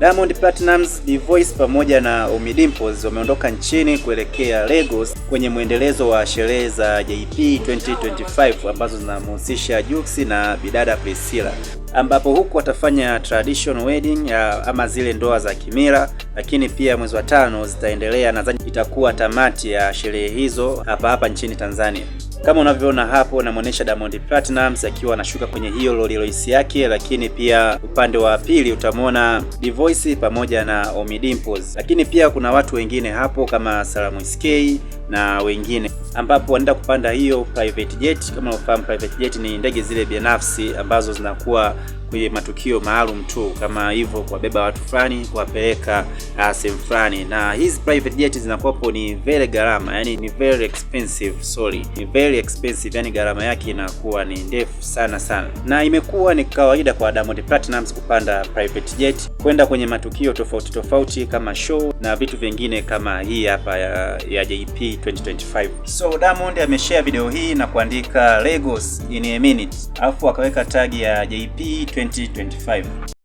Diamond Platnumz, Voice pamoja na Ommy Dimpoz wameondoka nchini kuelekea Lagos kwenye mwendelezo wa sherehe za JP 2025 ambazo zinamhusisha Jux na bidada Priscilla, ambapo huku watafanya traditional wedding ya ama zile ndoa za kimila, lakini pia mwezi wa tano zitaendelea, nadhani itakuwa tamati ya sherehe hizo hapa hapa nchini Tanzania. Kama unavyoona hapo, namuonesha Diamond Platnumz akiwa anashuka kwenye hiyo lori loisi yake, lakini pia upande wa pili utamwona Voice pamoja na Omy Dimpoz, lakini pia kuna watu wengine hapo kama Salamu SK na wengine, ambapo wanaenda kupanda hiyo private jet. Kama unafahamu private jet ni ndege zile binafsi ambazo zinakuwa kwenye matukio maalum tu kama hivyo, kuwabeba watu fulani kuwapeleka ah, sehemu fulani, na hizi private jet zinakuwapo ni very gharama, yani ni very expensive, sorry, ni very expensive, yani gharama yake inakuwa ni ndefu sana sana, na imekuwa ni kawaida kwa Diamond Platnumz kupanda private jet kwenda kwenye matukio tofauti tofauti kama show na vitu vingine kama hii hapa ya, ya JP 2025. So Diamond ameshare video hii na kuandika Lagos in a minute, alafu akaweka tagi ya JP 2025.